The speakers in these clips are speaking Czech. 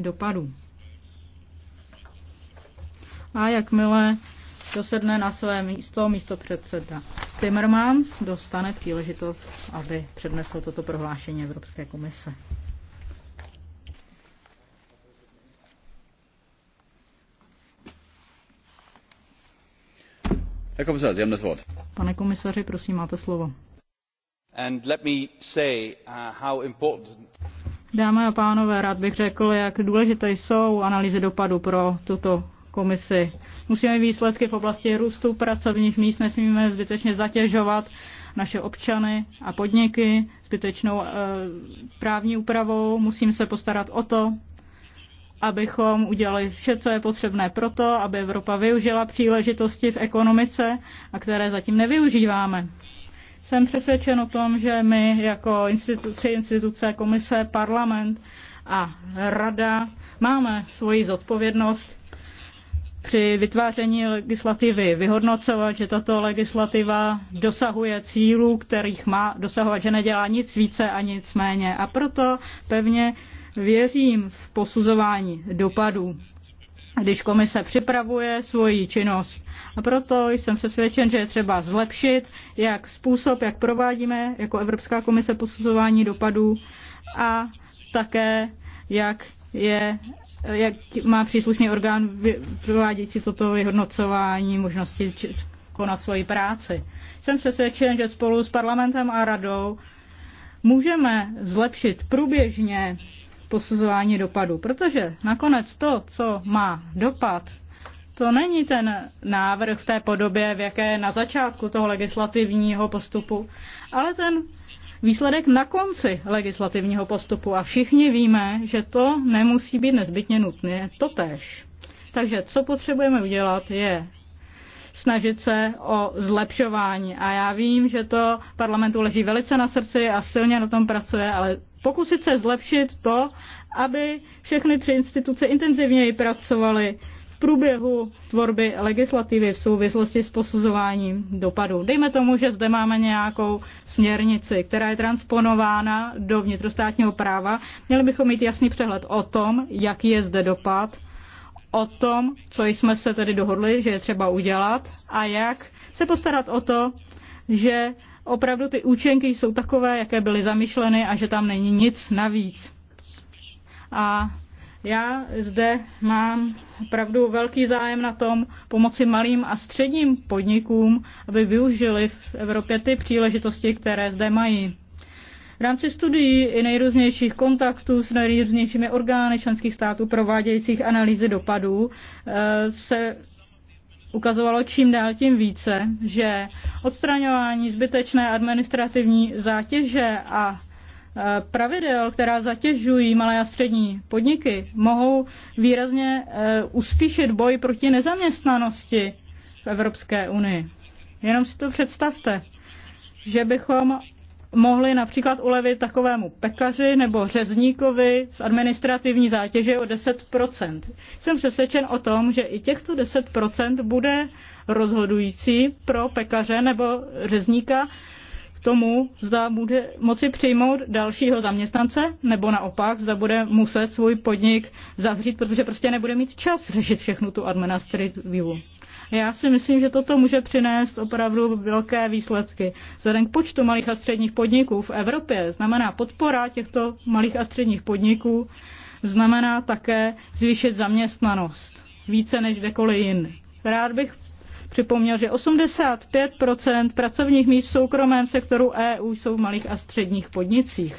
dopadů. A jakmile dosedne na své místo místo předseda Timmermans, dostane příležitost, aby přednesl toto prohlášení Evropské komise. Pane komisaři, prosím, máte slovo. And let me say, uh, how important... Dámy a pánové, rád bych řekl, jak důležité jsou analýzy dopadu pro tuto komisi. Musíme výsledky v oblasti růstu pracovních míst, nesmíme zbytečně zatěžovat naše občany a podniky zbytečnou e, právní úpravou. Musím se postarat o to, abychom udělali vše, co je potřebné pro to, aby Evropa využila příležitosti v ekonomice, a které zatím nevyužíváme. Jsem přesvědčen o tom, že my jako instituce, instituce, komise, parlament a rada máme svoji zodpovědnost při vytváření legislativy vyhodnocovat, že tato legislativa dosahuje cílů, kterých má dosahovat, že nedělá nic více a nic méně. A proto pevně věřím v posuzování dopadů když komise připravuje svoji činnost. A proto jsem přesvědčen, že je třeba zlepšit jak způsob, jak provádíme jako Evropská komise posuzování dopadů a také jak je, jak má příslušný orgán provádějící toto vyhodnocování možnosti konat svoji práci. Jsem přesvědčen, že spolu s parlamentem a radou můžeme zlepšit průběžně posuzování dopadu, protože nakonec to, co má dopad, to není ten návrh v té podobě, v jaké je na začátku toho legislativního postupu, ale ten výsledek na konci legislativního postupu. A všichni víme, že to nemusí být nezbytně nutné totéž. Takže co potřebujeme udělat, je snažit se o zlepšování. A já vím, že to parlamentu leží velice na srdci a silně na tom pracuje, ale pokusit se zlepšit to, aby všechny tři instituce intenzivněji pracovaly v průběhu tvorby legislativy v souvislosti s posuzováním dopadů. Dejme tomu, že zde máme nějakou směrnici, která je transponována do vnitrostátního práva. Měli bychom mít jasný přehled o tom, jaký je zde dopad o tom, co jsme se tedy dohodli, že je třeba udělat a jak se postarat o to, že opravdu ty účinky jsou takové, jaké byly zamýšleny a že tam není nic navíc. A já zde mám opravdu velký zájem na tom pomoci malým a středním podnikům, aby využili v Evropě ty příležitosti, které zde mají. V rámci studií i nejrůznějších kontaktů s nejrůznějšími orgány členských států provádějících analýzy dopadů eh, se ukazovalo čím dál tím více, že odstraňování zbytečné administrativní zátěže a eh, pravidel, která zatěžují malé a střední podniky, mohou výrazně eh, uspíšit boj proti nezaměstnanosti v Evropské unii. Jenom si to představte, že bychom mohli například ulevit takovému pekaři nebo řezníkovi z administrativní zátěže o 10%. Jsem přesvědčen o tom, že i těchto 10% bude rozhodující pro pekaře nebo řezníka k tomu, zda bude moci přijmout dalšího zaměstnance, nebo naopak, zda bude muset svůj podnik zavřít, protože prostě nebude mít čas řešit všechnu tu administrativu. Já si myslím, že toto může přinést opravdu velké výsledky. Vzhledem k počtu malých a středních podniků v Evropě znamená podpora těchto malých a středních podniků znamená také zvýšit zaměstnanost více než kdekoliv jin. Rád bych připomněl, že 85 pracovních míst v soukromém sektoru EU jsou v malých a středních podnicích.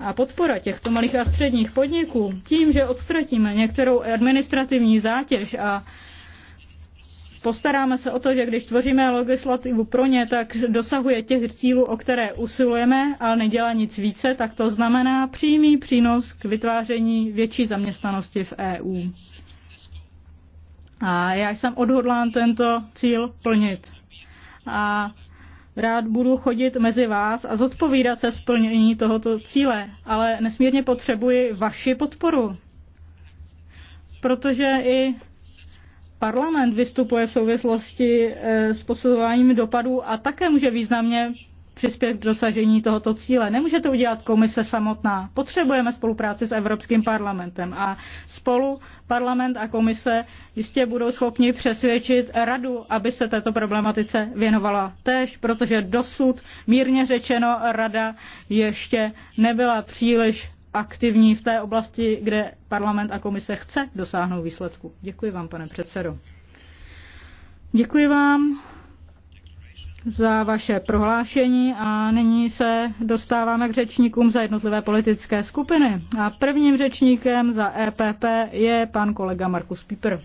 A podpora těchto malých a středních podniků tím, že odstratíme některou administrativní zátěž a postaráme se o to, že když tvoříme legislativu pro ně, tak dosahuje těch cílů, o které usilujeme, ale nedělá nic více, tak to znamená přímý přínos k vytváření větší zaměstnanosti v EU. A já jsem odhodlán tento cíl plnit. A rád budu chodit mezi vás a zodpovídat se splnění tohoto cíle, ale nesmírně potřebuji vaši podporu. Protože i parlament vystupuje v souvislosti eh, s posuzováním dopadů a také může významně přispět k dosažení tohoto cíle. Nemůže to udělat komise samotná. Potřebujeme spolupráci s Evropským parlamentem a spolu parlament a komise jistě budou schopni přesvědčit radu, aby se této problematice věnovala též, protože dosud mírně řečeno rada ještě nebyla příliš aktivní v té oblasti, kde parlament a komise chce dosáhnout výsledku. Děkuji vám, pane předsedo. Děkuji vám za vaše prohlášení a nyní se dostáváme k řečníkům za jednotlivé politické skupiny. A prvním řečníkem za EPP je pan kolega Markus Pieper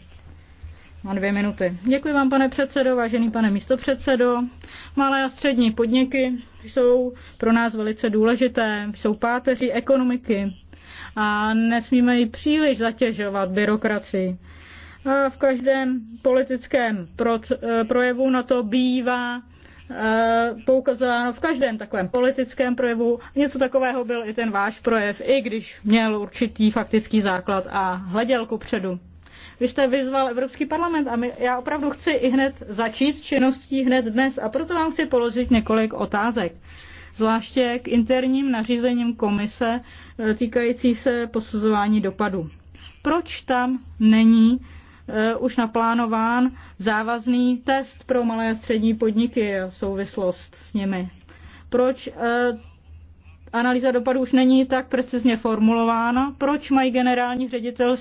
na dvě minuty. Děkuji vám, pane předsedo, vážený pane místopředsedo. Malé a střední podniky jsou pro nás velice důležité, jsou páteří ekonomiky a nesmíme ji příliš zatěžovat byrokracii. A v každém politickém eh, projevu na to bývá eh, poukazováno v každém takovém politickém projevu. Něco takového byl i ten váš projev, i když měl určitý faktický základ a hleděl ku předu. Vy jste vyzval Evropský parlament a my, já opravdu chci i hned začít činností hned dnes a proto vám chci položit několik otázek. Zvláště k interním nařízením komise eh, týkající se posuzování dopadu. Proč tam není eh, už naplánován závazný test pro malé a střední podniky a souvislost s nimi. Proč eh, analýza dopadu už není tak precizně formulována, proč mají generální ředitelé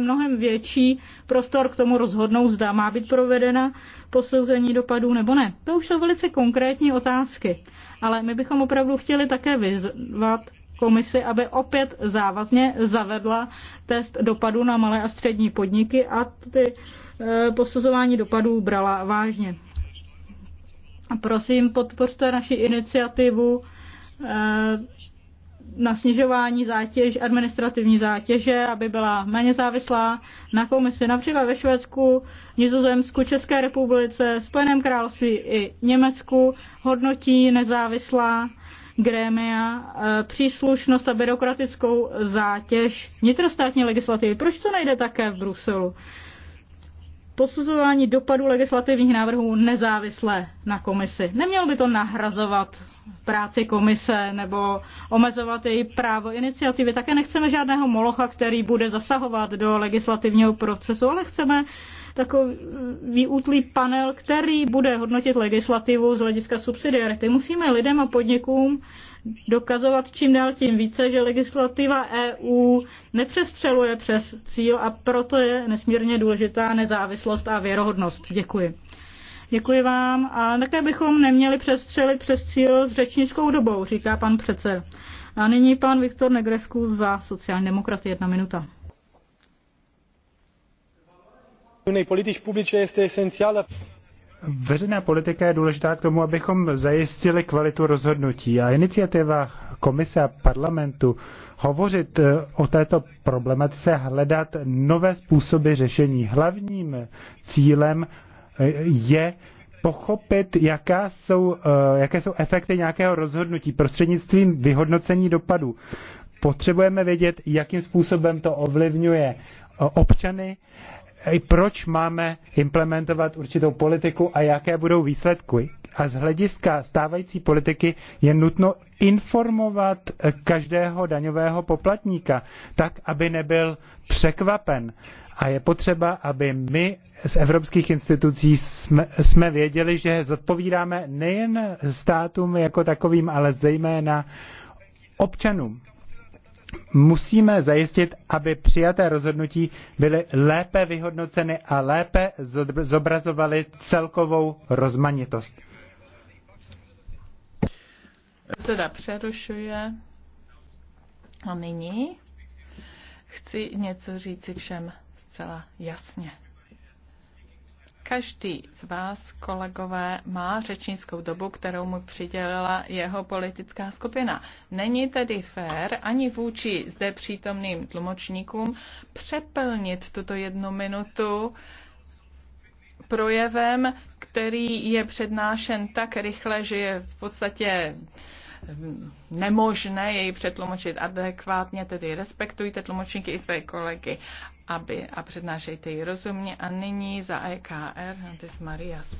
mnohem větší prostor k tomu rozhodnout, zda má být provedena posouzení dopadů nebo ne. To už jsou velice konkrétní otázky, ale my bychom opravdu chtěli také vyzvat komisi, aby opět závazně zavedla test dopadu na malé a střední podniky a ty eh, posuzování dopadů brala vážně. Prosím, podpořte naši iniciativu Eh, na snižování zátěž, administrativní zátěže, aby byla méně závislá na komisi. Například ve Švédsku, Nizozemsku, České republice, Spojeném království i Německu hodnotí nezávislá grémia eh, příslušnost a byrokratickou zátěž vnitrostátní legislativy. Proč to nejde také v Bruselu? posuzování dopadu legislativních návrhů nezávisle na komisi. Nemělo by to nahrazovat práci komise nebo omezovat její právo iniciativy. Také nechceme žádného molocha, který bude zasahovat do legislativního procesu, ale chceme takový útlý panel, který bude hodnotit legislativu z hlediska subsidiarity. Musíme lidem a podnikům dokazovat čím dál tím více, že legislativa EU nepřestřeluje přes cíl a proto je nesmírně důležitá nezávislost a věrohodnost. Děkuji. Děkuji vám a také bychom neměli přestřelit přes cíl s řečnickou dobou, říká pan přece. A nyní pan Viktor Negresku za sociální demokraty. Jedna minuta. unei politici publice este esențială Veřejná politika je důležitá k tomu, abychom zajistili kvalitu rozhodnutí a iniciativa komise a parlamentu hovořit eh, o této problematice, hledat nové způsoby řešení. Hlavním eh, cílem eh, je pochopit, jaká jsou, jaké jsou efekty nějakého rozhodnutí prostřednictvím vyhodnocení dopadů. Potřebujeme vědět, jakým způsobem to ovlivňuje občany, proč máme implementovat určitou politiku a jaké budou výsledky. A z hlediska stávající politiky je nutno informovat každého daňového poplatníka, tak, aby nebyl překvapen. A je potřeba, aby my z evropských institucí jsme, jsme věděli, že zodpovídáme nejen státům jako takovým, ale zejména občanům musíme zajistit, aby přijaté rozhodnutí byly lépe vyhodnoceny a lépe zobrazovaly celkovou rozmanitost. Zda přerušuje. A nyní chci něco říci všem zcela jasně. Každý z vás, kolegové, má řečnickou dobu, kterou mu přidělila jeho politická skupina. Není tedy fér ani vůči zde přítomným tlumočníkům přeplnit tuto jednu minutu projevem, který je přednášen tak rychle, že je v podstatě nemožné jej přetlumočit adekvátně, tedy respektujte tlumočníky i své kolegy aby, a přednášejte ji rozumně. A nyní za EKR Antis Marias.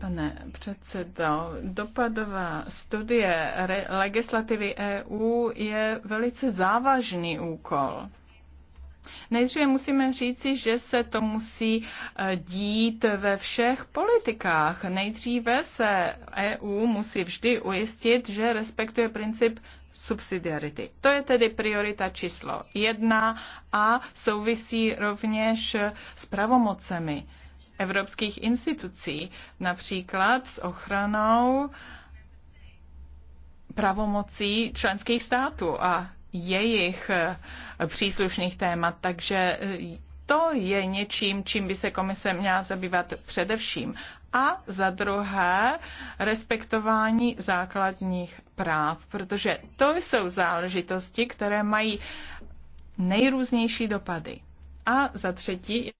Pane předsedo, dopadová studie legislativy EU je velice závažný úkol Nejdříve musíme říci, že se to musí eh, dít ve všech politikách. Nejdříve se EU musí vždy ujistit, že respektuje princip subsidiarity. To je tedy priorita číslo jedna a souvisí rovněž s pravomocemi evropských institucí, například s ochranou pravomocí členských států a jejich eh, příslušných témat, takže eh, to je něčím, čím by se komise měla zabývat především. A za druhé, respektování základních práv, protože to jsou záležitosti, které mají nejrůznější dopady. A za třetí,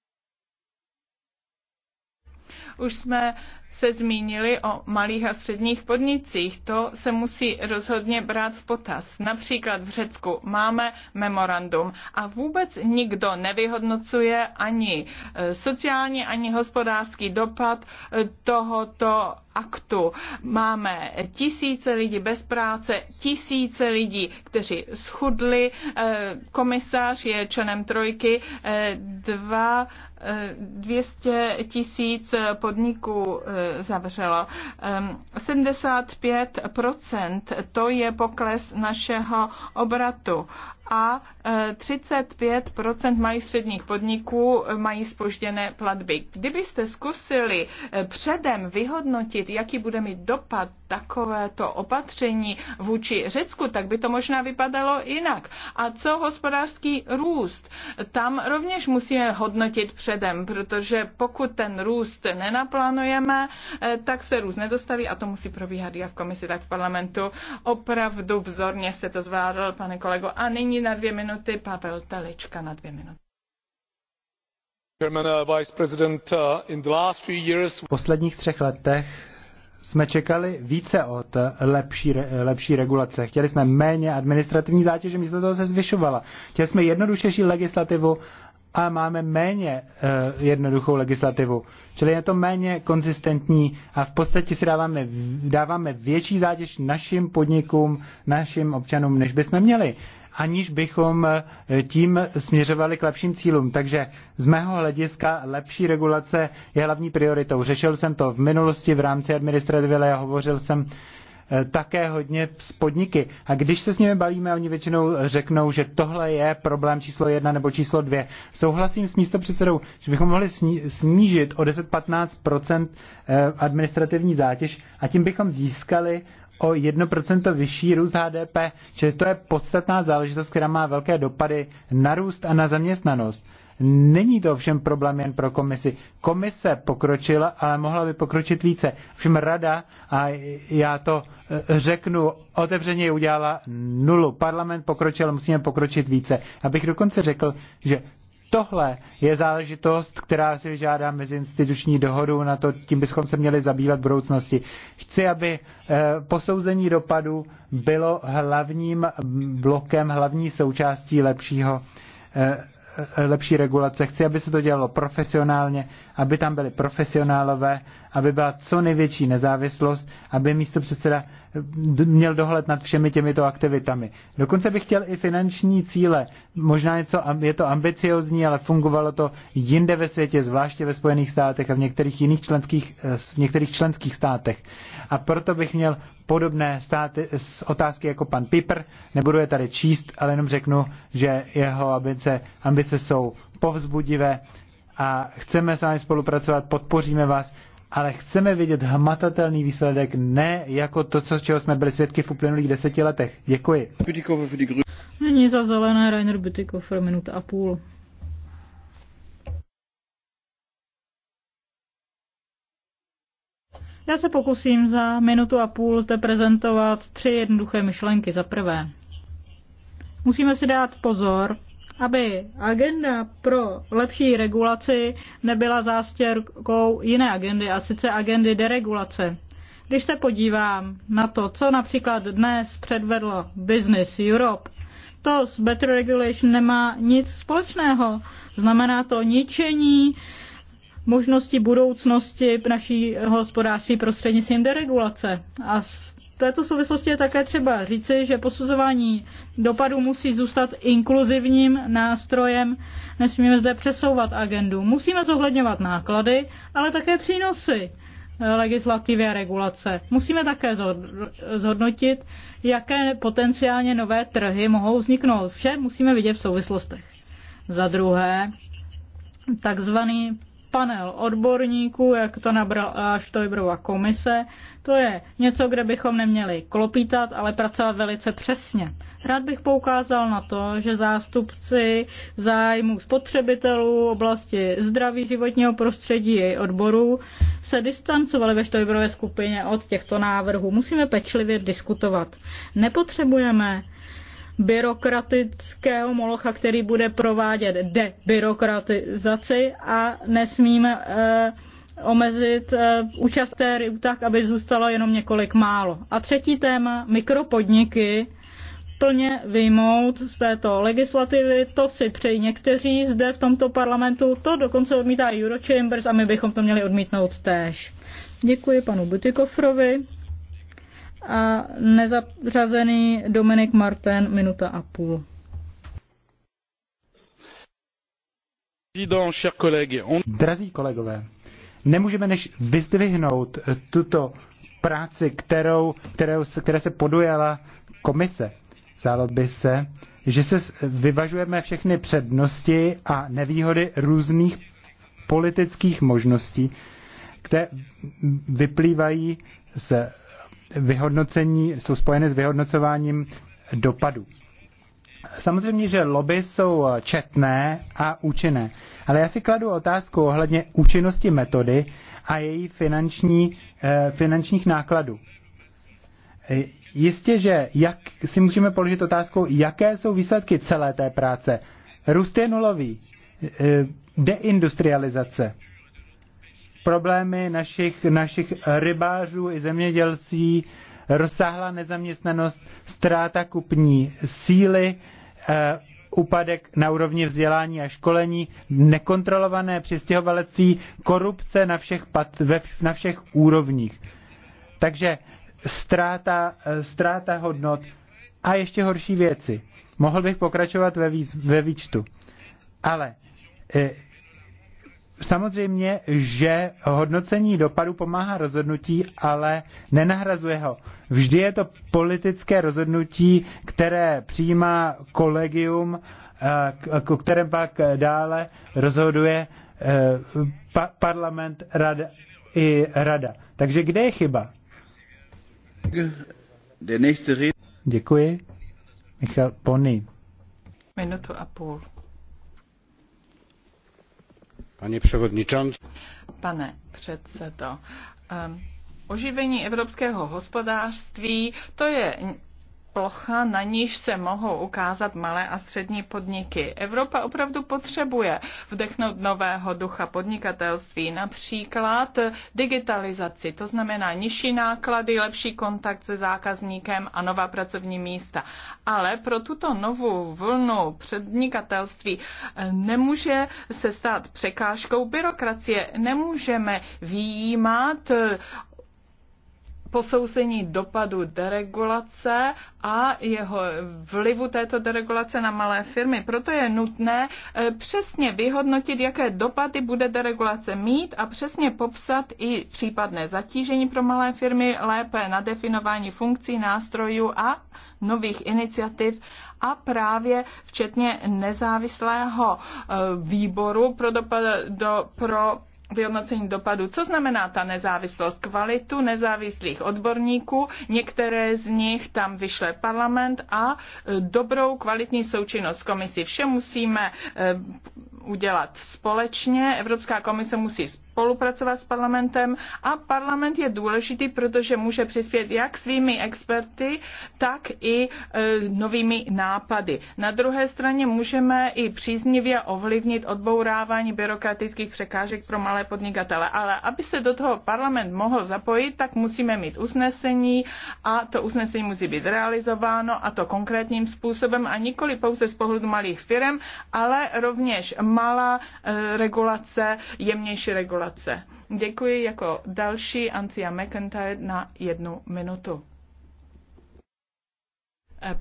už jsme se zmínili o malých a středních podnicích. To se musí rozhodně brát v potaz. Například v Řecku máme memorandum a vůbec nikdo nevyhodnocuje ani eh, sociální, ani hospodářský dopad eh, tohoto aktu. Máme tisíce lidí bez práce, tisíce lidí, kteří schudli. Eh, komisář je členem trojky, eh, dva 200 eh, tisíc podniků zavřelo. 75 to je pokles našeho obratu a 35 e, malých středních podniků e, mají spožděné platby. Kdybyste zkusili e, předem vyhodnotit, jaký bude mít dopad takovéto opatření vůči Řecku, tak by to možná vypadalo jinak. A co hospodářský růst? Tam rovněž musíme hodnotit předem, protože pokud ten růst nenaplánujeme, tak se růst nedostaví a to musí probíhat jak v komisi, tak v parlamentu. Opravdu vzorně se to zvládl, pane kolego. A nyní na dvě minuty, Pavel Telička na dvě minuty. Uh, uh, v posledních třech letech jsme čekali více od lepší, lepší regulace. Chtěli jsme méně administrativní zátěže, místo toho se zvyšovala. Chtěli jsme jednodušší legislativu a máme méně uh, jednoduchou legislativu. Čili je to méně konzistentní a v podstatě si dáváme, dáváme větší zátěž našim podnikům, našim občanům, než bychom měli aniž bychom eh, tím směřovali k lepším cílům. Takže z mého hlediska lepší regulace je hlavní prioritou. Řešil jsem to v minulosti v rámci administrativy, ale hovořil jsem eh, také hodně s podniky. A když se s nimi bavíme, oni většinou řeknou, že tohle je problém číslo jedna nebo číslo dvě. Souhlasím s předsedou, že bychom mohli snížit o 10-15 eh, administrativní zátěž a tím bychom získali o 1% vyšší růst HDP, že to je podstatná záležitost, která má velké dopady na růst a na zaměstnanost. Není to ovšem problém jen pro komisi. Komise pokročila, ale mohla by pokročit více. Všem rada, a já to eh, řeknu otevřeně, udělala nulu. Parlament pokročil, musíme pokročit více. Abych dokonce řekl, že Tohle je záležitost, která si vyžádá meziinstituční dohodu, na to tím bychom se měli zabývat v budoucnosti. Chci, aby eh, posouzení dopadu bylo hlavním blokem, hlavní součástí lepšího eh, lepší regulace. Chci, aby se to dělalo profesionálně, aby tam byli profesionálové aby byla co největší nezávislost, aby místo předseda měl dohled nad všemi těmito aktivitami. Dokonce bych chtěl i finanční cíle. Možná něco, je to ambiciozní, ale fungovalo to jinde ve světě, zvláště ve Spojených státech a v některých jiných členských, eh, v některých členských státech. A proto bych měl podobné státy, s otázky jako pan Piper. Nebudu je tady číst, ale jenom řeknu, že jeho ambice, ambice jsou povzbudivé a chceme s vámi spolupracovat, podpoříme vás ale chceme vidět hmatatelný výsledek, ne jako to, co, čeho jsme byli svědky v uplynulých deseti letech. Děkuji. Není za zelené Rainer Bütikofer minuta a půl. Já se pokusím za minutu a půl zde prezentovat tři jednoduché myšlenky. Za prvé, musíme si dát pozor aby agenda pro lepší regulaci nebyla zástěrkou jiné agendy, a sice agendy deregulace. Když se podívám na to, co například dnes předvedlo Business Europe, to s Better Regulation nemá nic společného. Znamená to ničení možnosti budoucnosti naší hospodářství prostřednictvím deregulace. A v této souvislosti je také třeba říci, že posuzování dopadu musí zůstat inkluzivním nástrojem, nesmíme zde přesouvat agendu. Musíme zohledňovat náklady, ale také přínosy eh, legislativy a regulace. Musíme také zhodnotit, jaké potenciálně nové trhy mohou vzniknout. Vše musíme vidět v souvislostech. Za druhé, takzvaný panel odborníků, jak to nabrala Štojbrova komise. To je něco, kde bychom neměli klopítat, ale pracovat velice přesně. Rád bych poukázal na to, že zástupci zájmů spotřebitelů, oblasti zdraví, životního prostředí i odborů se distancovali ve Štojbrové skupině od těchto návrhů. Musíme pečlivě diskutovat. Nepotřebujeme byrokratického molocha, který bude provádět debyrokratizaci a nesmíme eh, omezit eh, účast té ryb tak, aby zůstalo jenom několik málo. A třetí téma, mikropodniky plně vyjmout z této legislativy, to si přejí někteří zde v tomto parlamentu, to dokonce odmítá Eurochambers a my bychom to měli odmítnout též. Děkuji panu Butikofrovi a nezařazený Dominik Martin minuta a půl. Drazí kolegové, nemůžeme než vyzdvihnout tuto práci, kterou, kterou, které se podujala komise. Zdálo by se, že se vyvažujeme všechny přednosti a nevýhody různých politických možností, které vyplývají z vyhodnocení, jsou spojeny s vyhodnocováním dopadů. Samozřejmě, že lobby jsou četné a účinné, ale já si kladu otázku ohledně účinnosti metody a její finanční, eh, finančních nákladů. Eh, jistě, že jak si můžeme položit otázku, jaké jsou výsledky celé té práce. Růst je nulový, eh, deindustrializace, problémy našich, našich rybářů i zemědělcí, rozsáhlá nezaměstnanost, ztráta kupní síly, eh, úpadek na úrovni vzdělání a školení, nekontrolované přistěhovalectví, korupce na všech, pat, ve, na všech úrovních. Takže ztráta, eh, ztráta hodnot a ještě horší věci. Mohl bych pokračovat ve, výz, ve výčtu. Ale eh, Samozřejmě, že hodnocení dopadu pomáhá rozhodnutí, ale nenahrazuje ho. Vždy je to politické rozhodnutí, které přijímá kolegium, o eh, kterém pak dále rozhoduje eh, parlament rada, i rada. Takže kde je chyba? Děkuji. Michal Pony. Minutu a půl. Pani předsedající. Pane předsedo, oživení evropského hospodářství, to je plocha, na níž se mohou ukázat malé a střední podniky. Evropa opravdu potřebuje vdechnout nového ducha podnikatelství, například digitalizaci, to znamená nižší náklady, lepší kontakt se zákazníkem a nová pracovní místa. Ale pro tuto novou vlnu podnikatelství eh, nemůže se stát překážkou byrokracie. Nemůžeme výjímat eh, posouzení dopadu deregulace a jeho vlivu této deregulace na malé firmy. Proto je nutné eh, přesně vyhodnotit, jaké dopady bude deregulace mít a přesně popsat i případné zatížení pro malé firmy, lépe nadefinování funkcí, nástrojů a nových iniciativ a právě včetně nezávislého eh, výboru pro, dopad, do, pro vyhodnocení dopadu. Co znamená ta nezávislost? Kvalitu nezávislých odborníků, některé z nich tam vyšle parlament a e, dobrou kvalitní součinnost komisí. Vše musíme e, udělat společně. Evropská komise musí spolupracovat s parlamentem a parlament je důležitý, protože může přispět jak svými experty, tak i e, novými nápady. Na druhé straně můžeme i příznivě ovlivnit odbourávání byrokratických překážek pro malé podnikatele, ale aby se do toho parlament mohl zapojit, tak musíme mít usnesení a to usnesení musí být realizováno a to konkrétním způsobem a nikoli pouze z pohledu malých firm, ale rovněž malá e, regulace, jemnější regulace regulace. Děkuji jako další Ancia McIntyre na jednu minutu.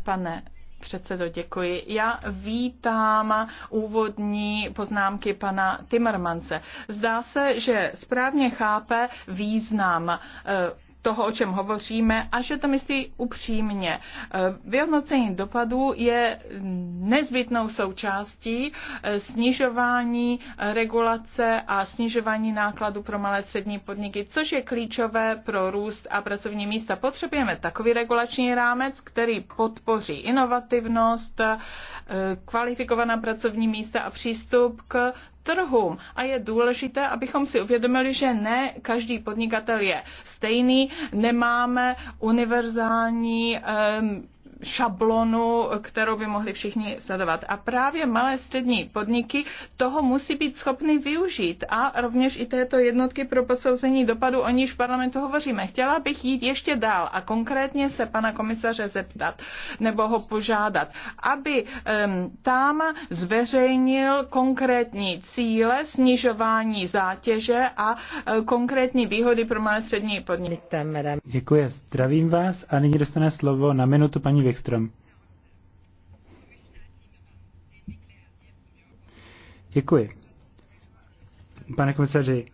Pane předsedo, děkuji. Já vítám úvodní poznámky pana Timmermanse. Zdá se, že správně chápe význam eh, toho, o čem hovoříme a že to myslí upřímně. E, vyhodnocení dopadů je nezbytnou součástí e, snižování regulace a snižování nákladů pro malé střední podniky, což je klíčové pro růst a pracovní místa. Potřebujeme takový regulační rámec, který podpoří inovativnost, e, kvalifikovaná pracovní místa a přístup k trhům. A je důležité, abychom si uvědomili, že ne každý podnikatel je stejný, nemáme univerzální um, šablonu, kterou by mohli všichni sledovat. A právě malé střední podniky toho musí být schopny využít a rovněž i této jednotky pro posouzení dopadu, o níž v parlamentu hovoříme. Chtěla bych jít ještě dál a konkrétně se pana komisaře zeptat nebo ho požádat, aby um, tam zveřejnil konkrétní cíle snižování zátěže a uh, konkrétní výhody pro malé střední podniky. Děkuji, zdravím vás a nyní dostane slovo na minutu paní Vě Wikström. Děkuji. Pane komisaři,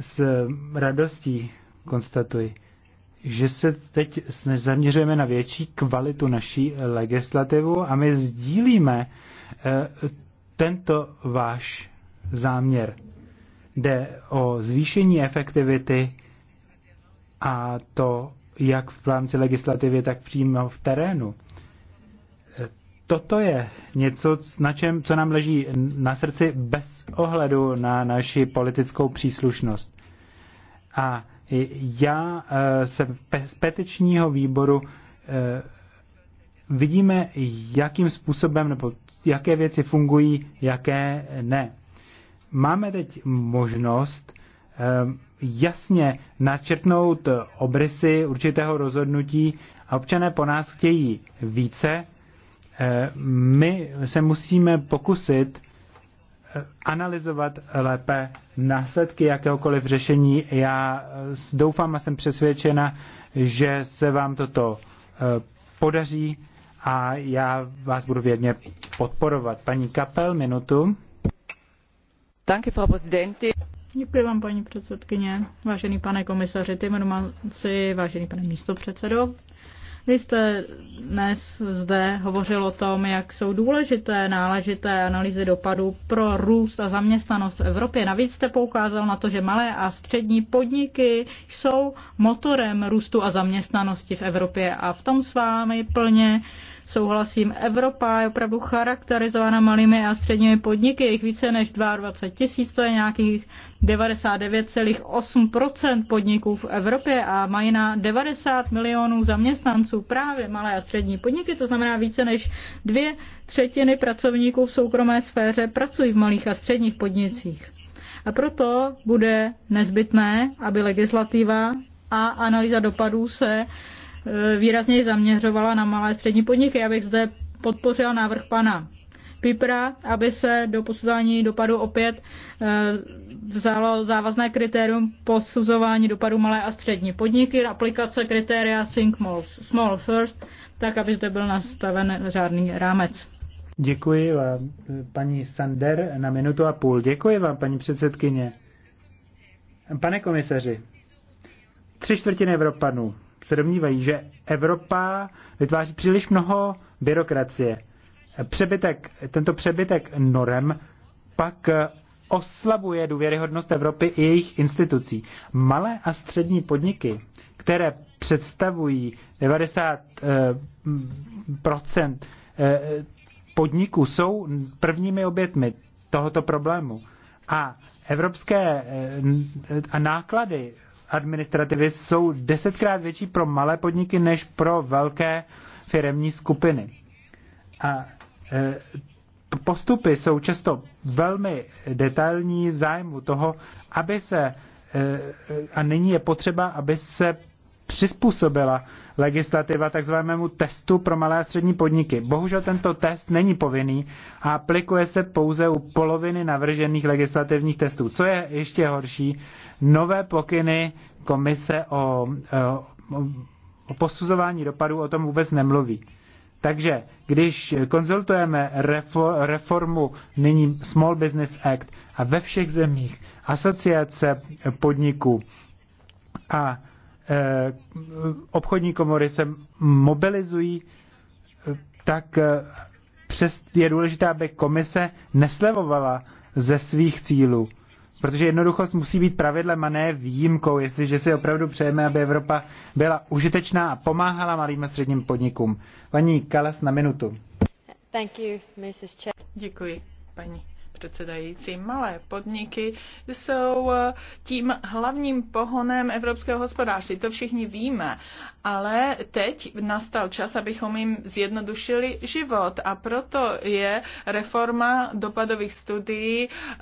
s radostí konstatuji, že se teď zaměřujeme na větší kvalitu naší legislativu a my sdílíme eh, tento váš záměr. Jde o zvýšení efektivity a to jak v rámci legislativy, tak přímo v terénu. Toto je něco, na čem, co nám leží na srdci bez ohledu na naši politickou příslušnost. A já eh, se z petičního výboru eh, vidíme, jakým způsobem nebo jaké věci fungují, jaké ne. Máme teď možnost eh, jasně načrtnout obrysy určitého rozhodnutí a občané po nás chtějí více, eh, my se musíme pokusit eh, analyzovat lépe následky jakéhokoliv řešení. Já eh, doufám a jsem přesvědčena, že se vám toto podaří a já vás budu vědně podporovat. Paní Kapel, minutu. Danke, Frau Präsidentin. Děkuji vám, paní předsedkyně, vážený pane komisaři Timmermansi, vážený pane místopředsedo. Vy jste dnes zde hovořil o tom, jak jsou důležité náležité analýzy dopadů pro růst a zaměstnanost v Evropě. Navíc jste poukázal na to, že malé a střední podniky jsou motorem růstu a zaměstnanosti v Evropě a v tom s vámi plně Souhlasím, Evropa je opravdu charakterizována malými a středními podniky, jejich více než 22 tisíc, to je nějakých 99,8 podniků v Evropě a mají na 90 milionů zaměstnanců právě malé a střední podniky, to znamená více než dvě třetiny pracovníků v soukromé sféře pracují v malých a středních podnicích. A proto bude nezbytné, aby legislativa a analýza dopadů se Eh, výrazněji zaměřovala na malé střední podniky. Já bych zde podpořila návrh pana Pipra, aby se do posuzování dopadu opět eh, vzalo závazné kritérium posuzování dopadu malé a střední podniky, aplikace kritéria Think Small First, tak aby zde byl nastaven řádný rámec. Děkuji vám, paní Sander, na minutu a půl. Děkuji vám, paní předsedkyně. Pane komisaři, tři čtvrtiny Evropanů se domnívají, že Evropa vytváří příliš mnoho byrokracie. Přebytek, tento přebytek norem pak oslabuje důvěryhodnost Evropy i jejich institucí. Malé a střední podniky, které představují 90 eh, eh, podniků, jsou prvními obětmi tohoto problému. A evropské eh, a náklady administrativy jsou desetkrát větší pro malé podniky než pro velké firemní skupiny. A e, postupy jsou často velmi detailní v zájmu toho, aby se e, e, a nyní je potřeba, aby se přizpůsobila legislativa takzvanému testu pro malé a střední podniky. Bohužel tento test není povinný a aplikuje se pouze u poloviny navržených legislativních testů. Co je ještě horší, nové pokyny komise o, eh, o, o posuzování dopadů o tom vůbec nemluví. Takže když konzultujeme reformu nyní Small Business Act a ve všech zemích asociace podniků a Eh, obchodní komory se mobilizují, eh, tak eh, přes, je důležité, aby komise neslevovala ze svých cílů. Protože jednoduchost musí být pravidlem a ne výjimkou, jestliže si opravdu přejeme, aby Evropa byla užitečná a pomáhala malým a středním podnikům. Paní Kales na minutu. Thank you, Mrs. Děkuji, paní předsedající. Malé podniky jsou eh, tím hlavním pohonem evropského hospodářství, to všichni víme, ale teď nastal čas, abychom jim zjednodušili život a proto je reforma dopadových studií eh,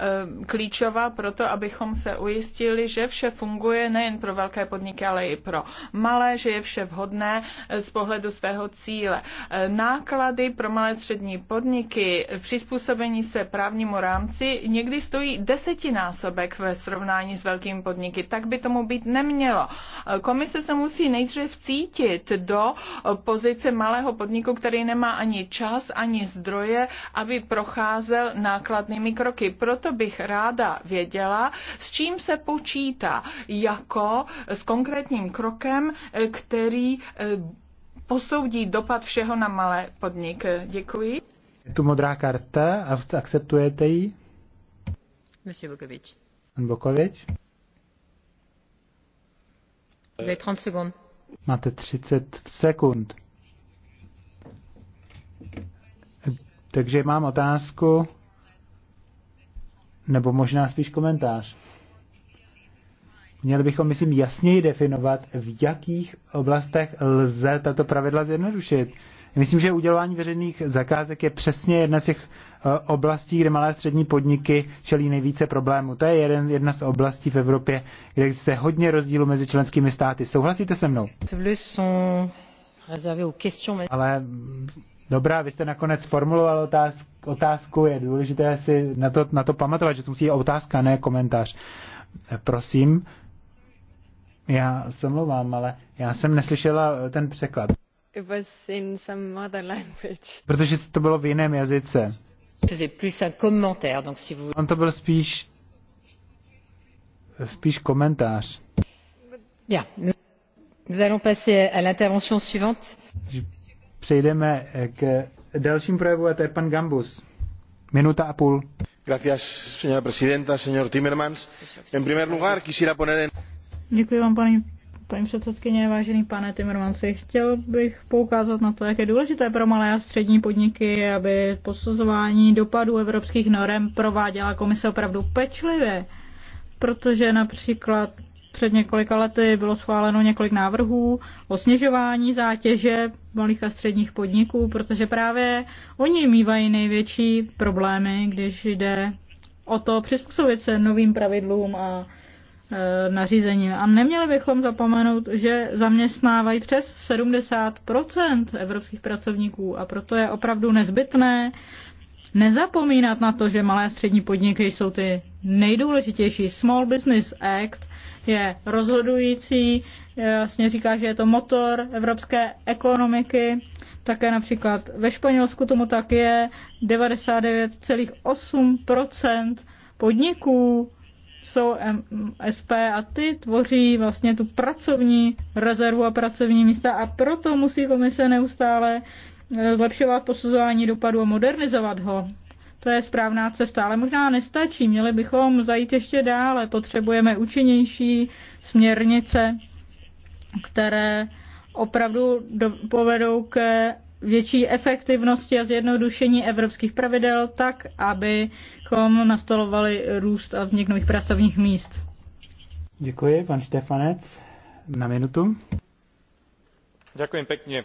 klíčová pro to, abychom se ujistili, že vše funguje nejen pro velké podniky, ale i pro malé, že je vše vhodné eh, z pohledu svého cíle. Náklady pro malé střední podniky, přizpůsobení se právnímu rádu, rámci někdy stojí desetinásobek ve srovnání s velkými podniky. Tak by tomu být nemělo. Komise se musí nejdřív cítit do pozice malého podniku, který nemá ani čas, ani zdroje, aby procházel nákladnými kroky. Proto bych ráda věděla, s čím se počítá jako s konkrétním krokem, který posoudí dopad všeho na malé podnik. Děkuji. Je tu modrá karta a akceptujete ji? Monsieur Bokovič. Pan Bokovič. Máte 30 sekund. Máte 30 sekund. Takže mám otázku, nebo možná spíš komentář. Měli bychom, myslím, jasněji definovat, v jakých oblastech lze tato pravidla zjednodušit. Myslím, že udělování veřejných zakázek je přesně jedna z těch eh, oblastí, kde malé a střední podniky čelí nejvíce problémů. To je jeden, jedna z oblastí v Evropě, kde se hodně rozdílů mezi členskými státy. Souhlasíte se mnou? Ale mm, dobrá, vy jste nakonec formuloval otázku, otázku je důležité si na to, na to pamatovat, že to musí být otázka, ne komentář. Eh, prosím, já se mluvám, ale já jsem neslyšela ten překlad. It was in some other language. Protože to bylo v jiném jazyce. On to byl spíš spíš komentář. Bien. Nous allons passer à l'intervention suivante. Přejdeme k dalším projevu a to je pan Gambus. Minuta a půl. Gracias, señora presidenta, señor Timmermans. En primer lugar, quisiera poner en... Děkuji vám, paní paní předsedkyně, vážený pane Timmermansi. Chtěl bych poukázat na to, jak je důležité pro malé a střední podniky, aby posuzování dopadů evropských norem prováděla komise opravdu pečlivě, protože například před několika lety bylo schváleno několik návrhů o snižování zátěže malých a středních podniků, protože právě oni mývají největší problémy, když jde o to přizpůsobit se novým pravidlům a E, nařízením. A neměli bychom zapomenout, že zaměstnávají přes 70 evropských pracovníků a proto je opravdu nezbytné nezapomínat na to, že malé a střední podniky jsou ty nejdůležitější. Small Business Act je rozhodující, e, jasně říká, že je to motor evropské ekonomiky. Také například ve Španělsku tomu tak je 99,8 podniků jsou SP a ty tvoří vlastně tu pracovní rezervu a pracovní místa a proto musí komise neustále eh, zlepšovat posuzování dopadu a modernizovat ho. To je správná cesta, ale možná nestačí. Měli bychom zajít ještě dále. Potřebujeme účinnější směrnice, které opravdu do, povedou ke větší efektivnosti a zjednodušení evropských pravidel tak, abychom nastolovali růst a vznik nových pracovních míst. Děkuji, pan Štefanec. Na minutu. Děkuji pěkně.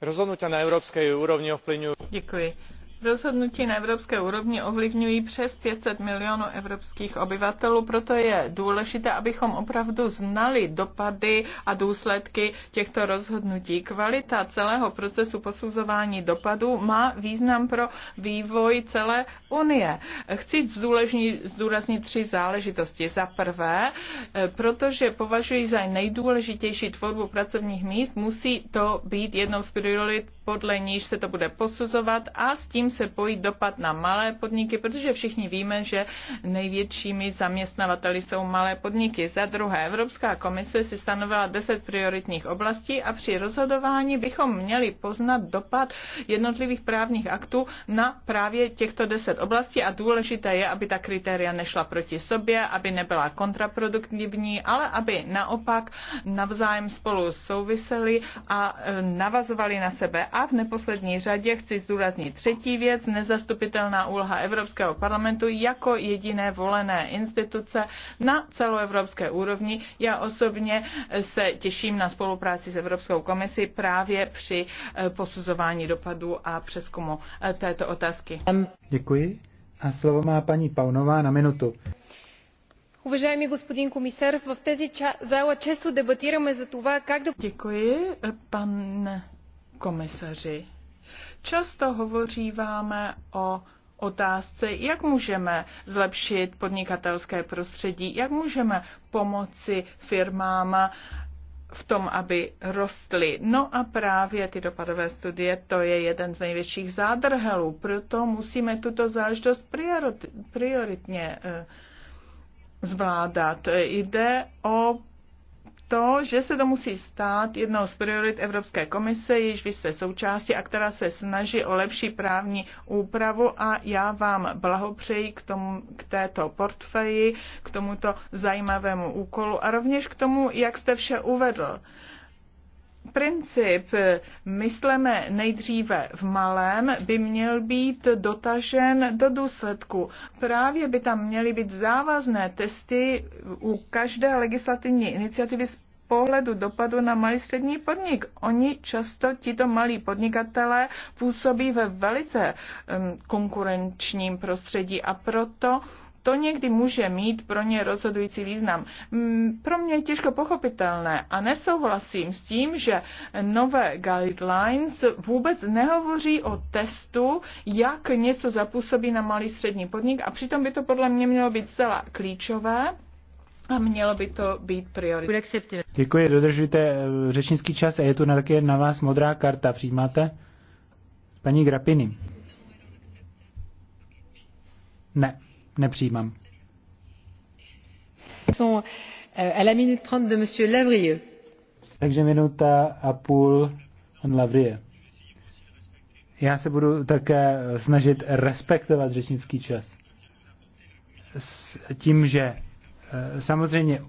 Rozhodnutia na evropské úrovni ovplyvňují... Děkuji Rozhodnutí na evropské úrovni ovlivňují přes 500 milionů evropských obyvatelů, proto je důležité, abychom opravdu znali dopady a důsledky těchto rozhodnutí. Kvalita celého procesu posuzování dopadů má význam pro vývoj celé Unie. Chci zdůraznit tři záležitosti. Za prvé, protože považuji za nejdůležitější tvorbu pracovních míst, musí to být jednou z priorit podle níž se to bude posuzovat a s tím se pojí dopad na malé podniky, protože všichni víme, že největšími zaměstnavateli jsou malé podniky. Za druhé, Evropská komise si stanovila 10 prioritních oblastí a při rozhodování bychom měli poznat dopad jednotlivých právních aktů na právě těchto 10 oblastí a důležité je, aby ta kritéria nešla proti sobě, aby nebyla kontraproduktivní, ale aby naopak navzájem spolu souvisely a e, navazovaly na sebe a v neposlední řadě chci zdůraznit třetí věc, nezastupitelná úloha Evropského parlamentu jako jediné volené instituce na celoevropské úrovni. Já osobně se těším na spolupráci s Evropskou komisí právě při eh, posuzování dopadů a přeskumu eh, této otázky. Děkuji. A slovo má paní Paunová na minutu. Уважаеми господин комисар, в тази зала често дебатираме за това как да... Děkuji, eh, pan komisaři, často hovoříváme o otázce, jak můžeme zlepšit podnikatelské prostředí, jak můžeme pomoci firmám v tom, aby rostly. No a právě ty dopadové studie, to je jeden z největších zádrhelů, proto musíme tuto záležitost priorit, prioritně eh, zvládat. Jde o to, že se to musí stát jednou z priorit Evropské komise, již vy jste součástí a která se snaží o lepší právní úpravu a já vám blahopřeji k, tomu, k této portfeji, k tomuto zajímavému úkolu a rovněž k tomu, jak jste vše uvedl princip eh, mysleme nejdříve v malém by měl být dotažen do důsledku. Právě by tam měly být závazné testy u každé legislativní iniciativy z pohledu dopadu na malý střední podnik. Oni často, tito malí podnikatelé, působí ve velice um, konkurenčním prostředí a proto to někdy může mít pro ně rozhodující význam. Mm, pro mě je těžko pochopitelné a nesouhlasím s tím, že nové guidelines vůbec nehovoří o testu, jak něco zapůsobí na malý střední podnik a přitom by to podle mě mělo být zcela klíčové a mělo by to být priorita. Děkuji, dodržujte eh, řečnický čas a je tu také na vás modrá karta. Přijímáte? Paní Grapiny. Ne nepřijímám. Euh, Takže minuta a půl on Lavrie. Já se budu také snažit respektovat řečnický čas. S tím, že eh, samozřejmě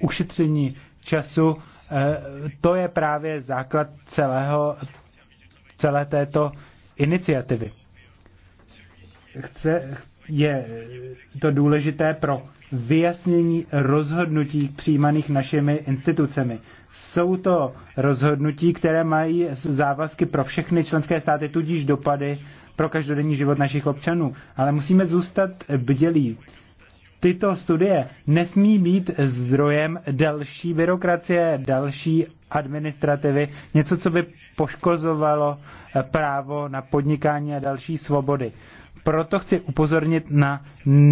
ušetření času, eh, to je právě základ celého, celé této iniciativy. Chce, je to důležité pro vyjasnění rozhodnutí přijímaných našimi institucemi. Jsou to rozhodnutí, které mají závazky pro všechny členské státy, tudíž dopady pro každodenní život našich občanů. Ale musíme zůstat bdělí. Tyto studie nesmí být zdrojem další byrokracie, další administrativy, něco, co by poškozovalo právo na podnikání a další svobody. Proto chci upozornit na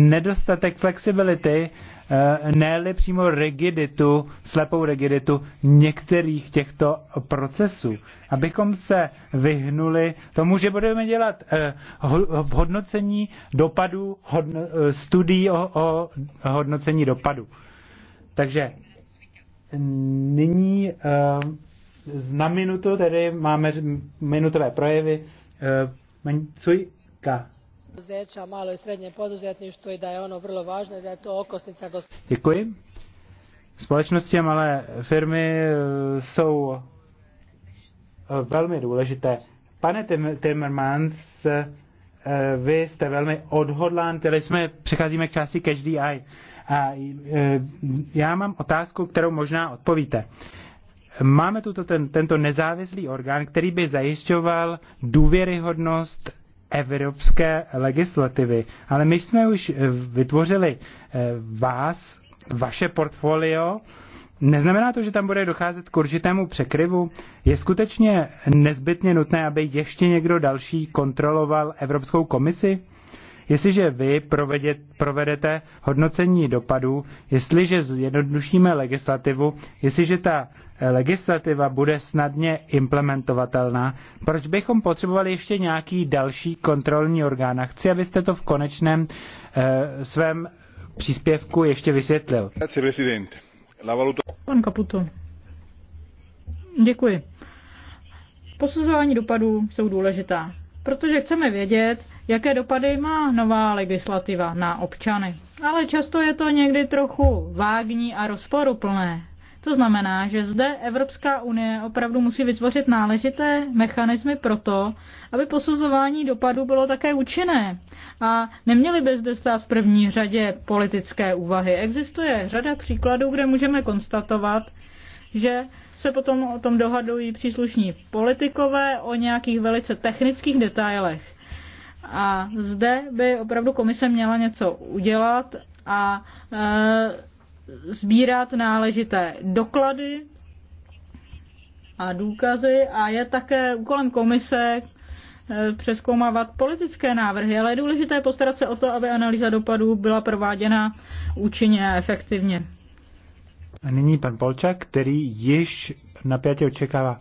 nedostatek flexibility, eh, ne-li přímo rigiditu, slepou rigiditu některých těchto procesů. Abychom se vyhnuli tomu, že budeme dělat v eh, hodnocení dopadu, eh, studií o, o hodnocení dopadu. Takže nyní na minutu, tedy máme minutové projevy. Maňcuj Ka. Zéča, malo i srednje poduzetništvo i da je ono vrlo važno, da je to okosnica Děkuji. Společnosti a malé firmy eh, jsou eh, velmi důležité. Pane Timmermans, eh, vy jste velmi odhodlán, tedy jsme, přecházíme k části každý A já mám otázku, kterou možná odpovíte. Máme tu ten, tento nezávislý orgán, který by zajišťoval důvěryhodnost evropské legislativy. Ale my jsme už eh, vytvořili eh, vás, vaše portfolio, Neznamená to, že tam bude docházet k určitému překryvu? Je skutečně nezbytně nutné, aby ještě někdo další kontroloval Evropskou komisi? Jestliže vy provedet, provedete hodnocení dopadů, jestliže zjednodušíme legislativu, jestliže ta eh, legislativa bude snadně implementovatelná, proč bychom potřebovali ještě nějaký další kontrolní orgán? A chci, abyste to v konečném eh, svém příspěvku ještě vysvětlil. Pan Kaputo. Děkuji. Posuzování dopadů jsou důležitá, protože chceme vědět, jaké dopady má nová legislativa na občany. Ale často je to někdy trochu vágní a rozporuplné. To znamená, že zde Evropská unie opravdu musí vytvořit náležité mechanismy pro to, aby posuzování dopadů bylo také účinné. A neměly by zde stát v první řadě politické úvahy. Existuje řada příkladů, kde můžeme konstatovat, že se potom o tom dohadují příslušní politikové o nějakých velice technických detailech. A zde by opravdu komise měla něco udělat a e, sbírat náležité doklady a důkazy a je také úkolem komise e, přeskoumávat politické návrhy, ale je důležité postarat se o to, aby analýza dopadů byla prováděna účinně a efektivně. A nyní pan Polčák, který již napjatě očekává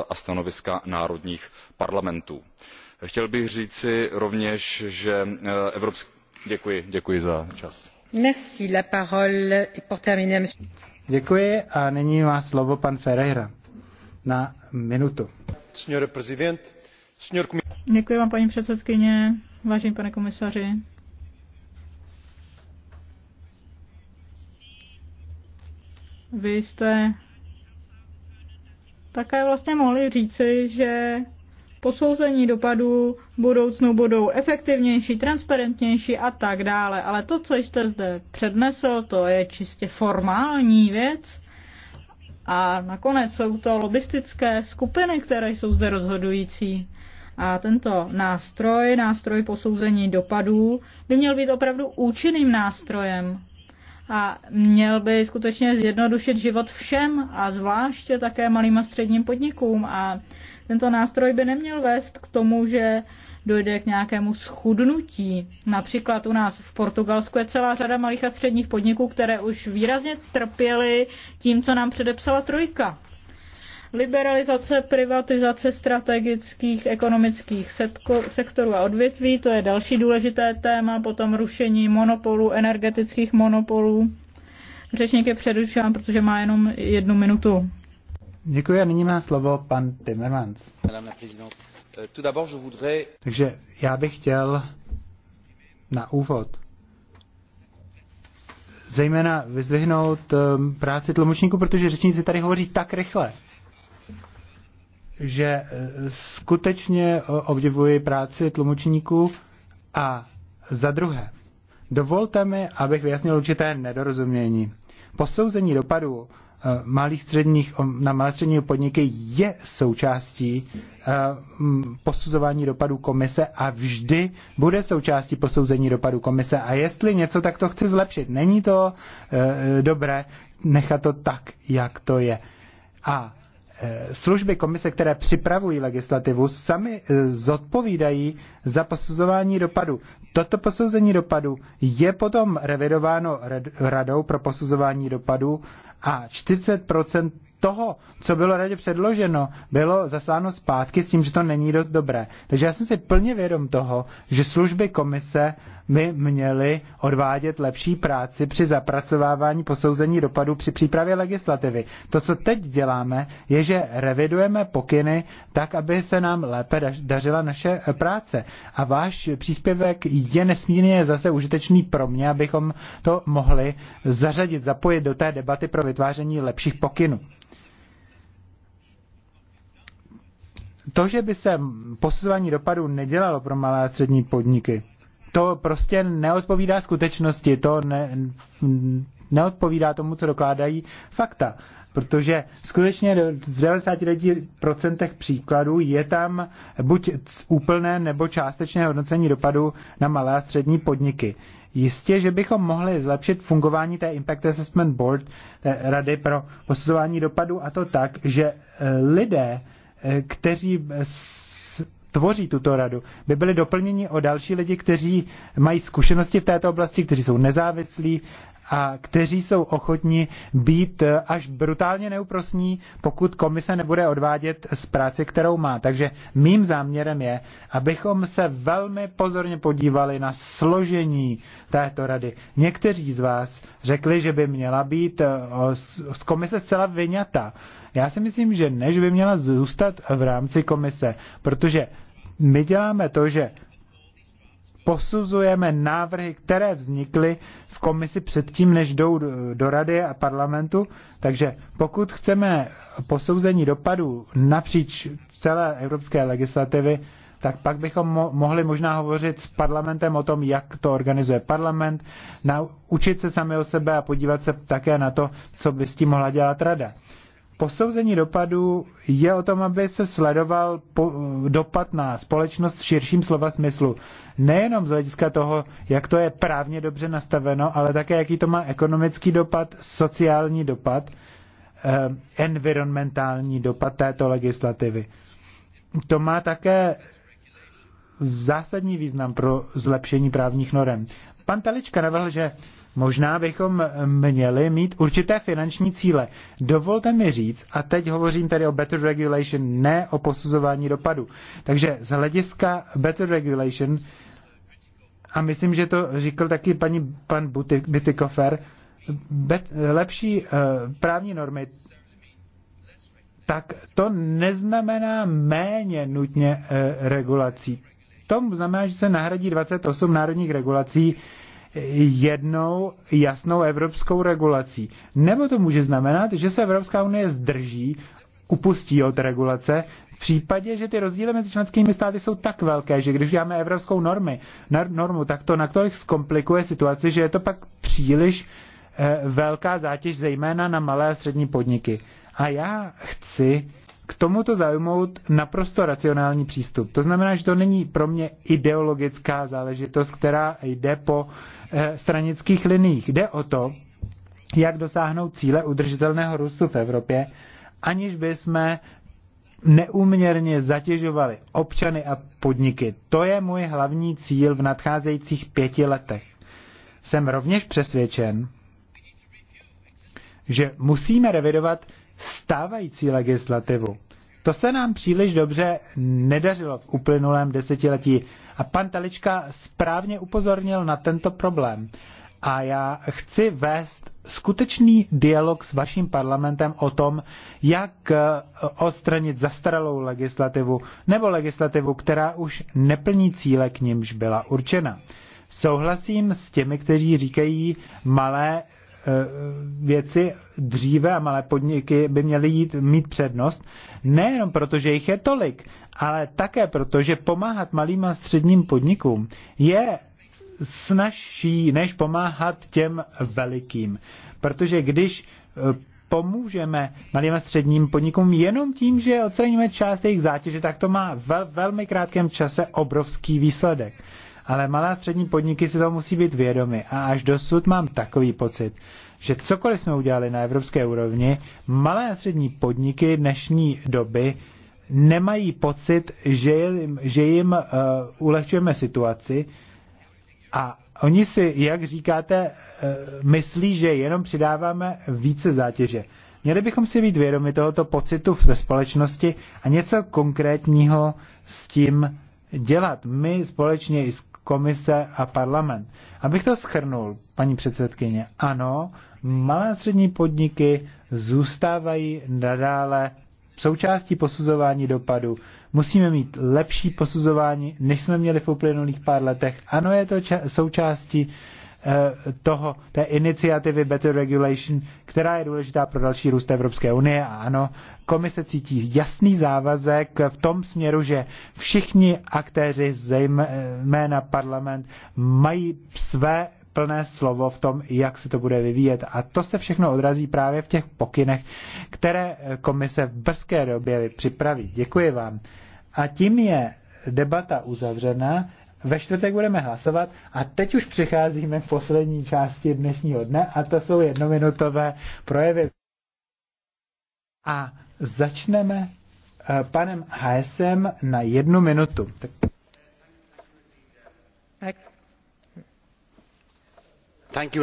a stanoviska národních parlamentů. chtěl bych říci rovněž že eh, evropský Děkuji, děkuji za čas. Děkuji a slovo pan na minutu. Děkuji vám, paní předsedkyně, pane také vlastně mohli říci, že posouzení dopadů v budoucnu budou efektivnější, transparentnější a tak dále. Ale to, co jste zde přednesl, to je čistě formální věc. A nakonec jsou to lobistické skupiny, které jsou zde rozhodující. A tento nástroj, nástroj posouzení dopadů, by měl být opravdu účinným nástrojem a měl by skutečně zjednodušit život všem a zvláště také malým a středním podnikům. A tento nástroj by neměl vést k tomu, že dojde k nějakému schudnutí. Například u nás v Portugalsku je celá řada malých a středních podniků, které už výrazně trpěly tím, co nám předepsala trojka. Liberalizace, privatizace strategických ekonomických sektorů a odvětví, to je další důležité téma, potom rušení monopolů, energetických monopolů. Řečník je přerušován, protože má jenom jednu minutu. Děkuji a nyní má slovo pan Timmermans. Euh, Takže já bych chtěl na úvod zejména vyzdvihnout ehm, práci tlumočníků, protože řečníci tady hovoří tak rychle že e, skutečně e, obdivuji práci tlumočníků a za druhé, dovolte mi, abych vyjasnil určité nedorozumění. Posouzení dopadů e, malých středních, na malé střední podniky je součástí posuzování dopadů komise a vždy bude součástí posouzení dopadů komise. A jestli něco, tak to chci zlepšit. Není to dobré nechat to tak, jak to je. A Eh, služby komise, které připravují legislativu, sami eh, zodpovídají za posuzování dopadu. Toto posouzení dopadu je potom revidováno radou pro posuzování dopadu a 40 toho, co bylo radě předloženo, bylo zasláno zpátky s tím, že to není dost dobré. Takže já jsem si plně vědom toho, že služby komise by měli odvádět lepší práci při zapracovávání posouzení dopadů při přípravě legislativy. To, co teď děláme, je, že revidujeme pokyny tak, aby se nám lépe dařila naše práce. A váš příspěvek je nesmírně zase užitečný pro mě, abychom to mohli zařadit, zapojit do té debaty pro vytváření lepších pokynů. To, že by se posuzování dopadů nedělalo pro malé a střední podniky, to prostě neodpovídá skutečnosti, to ne, neodpovídá tomu, co dokládají fakta. Protože skutečně v 99% příkladů je tam buď úplné nebo částečné hodnocení dopadu na malé a střední podniky. Jistě, že bychom mohli zlepšit fungování té Impact Assessment Board, té eh, Rady pro posuzování dopadu, a to tak, že eh, lidé, eh, kteří tvoří tuto radu, by byly doplněni o další lidi, kteří mají zkušenosti v této oblasti, kteří jsou nezávislí a kteří jsou ochotní být eh, až brutálně neúprosní, pokud komise nebude odvádět z práce, kterou má. Takže mým záměrem je, abychom se velmi pozorně podívali na složení této rady. Někteří z vás řekli, že by měla být eh, z komise zcela vyňata. Já si myslím, že než by měla zůstat v rámci komise, protože my děláme to, že posuzujeme návrhy, které vznikly v komisi předtím, než jdou do rady a parlamentu. Takže pokud chceme posouzení dopadů napříč celé evropské legislativy, tak pak bychom mo- mohli možná hovořit s parlamentem o tom, jak to organizuje parlament, naučit se sami o sebe a podívat se také na to, co by s tím mohla dělat rada posouzení dopadu je o tom, aby se sledoval po, dopad na společnost v širším slova smyslu. Nejenom z hlediska toho, jak to je právně dobře nastaveno, ale také, jaký to má ekonomický dopad, sociální dopad, eh, environmentální dopad této legislativy. To má také zásadní význam pro zlepšení právních norem. Pan Talička navrhl, že eh, Možná bychom měli mít určité finanční cíle. Dovolte mi říct, a teď hovořím tady o better regulation, ne o posuzování dopadu. Takže z hlediska better regulation, a myslím, že to říkal taky paní, pan Bytikofer, bet, lepší uh, právní normy, tak to neznamená méně nutně uh, regulací. To znamená, že se nahradí 28 národních regulací jednou jasnou evropskou regulací. Nebo to může znamenat, že se Evropská unie zdrží, upustí od regulace, v případě, že ty rozdíly mezi členskými státy jsou tak velké, že když uděláme evropskou normy, normu, tak to natolik zkomplikuje situaci, že je to pak příliš eh, velká zátěž, zejména na malé a střední podniky. A já chci, k tomuto zaujmout naprosto racionální přístup. To znamená, že to není pro mě ideologická záležitost, která jde po eh, stranických liních. Jde o to, jak dosáhnout cíle udržitelného růstu v Evropě, aniž by jsme neuměrně zatěžovali občany a podniky. To je můj hlavní cíl v nadcházejících pěti letech. Jsem rovněž přesvědčen, že musíme revidovat stávající legislativu. To se nám příliš dobře nedařilo v uplynulém desetiletí a pan Talička správně upozornil na tento problém. A já chci vést skutečný dialog s vaším parlamentem o tom, jak eh, odstranit zastaralou legislativu nebo legislativu, která už neplní cíle, k nimž byla určena. Souhlasím s těmi, kteří říkají, malé Eh, věci dříve a malé podniky by měly jít, mít přednost, nejenom proto, že jich je tolik, ale také proto, že pomáhat malým a středním podnikům je snažší, než pomáhat těm velikým. Protože když eh, pomůžeme malým a středním podnikům jenom tím, že odstraníme část jejich zátěže, tak to má ve velmi krátkém čase obrovský výsledek ale malé a střední podniky si to musí být vědomy. A až dosud mám takový pocit, že cokoliv jsme udělali na evropské úrovni, malé a střední podniky dnešní doby nemají pocit, že jim, že jim uh, ulehčujeme situaci a oni si, jak říkáte, uh, myslí, že jenom přidáváme více zátěže. Měli bychom si být vědomi tohoto pocitu ve společnosti a něco konkrétního s tím dělat. My společně i s komise a parlament. Abych to schrnul, paní předsedkyně, ano, malé a střední podniky zůstávají nadále součástí posuzování dopadu. Musíme mít lepší posuzování, než jsme měli v uplynulých pár letech. Ano, je to součástí Eh, toho, té iniciativy Better Regulation, která je důležitá pro další růst Evropské unie. A ano, komise cítí jasný závazek v tom směru, že všichni aktéři, zejména parlament, mají své plné slovo v tom, jak se to bude vyvíjet. A to se všechno odrazí právě v těch pokynech, které komise v brzké době připraví. Děkuji vám. A tím je debata uzavřena. Ve čtvrtek budeme hlasovat a teď už přicházíme k poslední části dnešního dne a to jsou jednominutové projevy. A začneme eh, panem HSM na jednu minutu. Tak. Thank you.